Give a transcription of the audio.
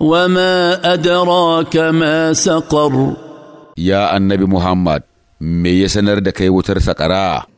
وما أدراك ما سقر يا النبي محمد مي سنر دكي وتر سقرا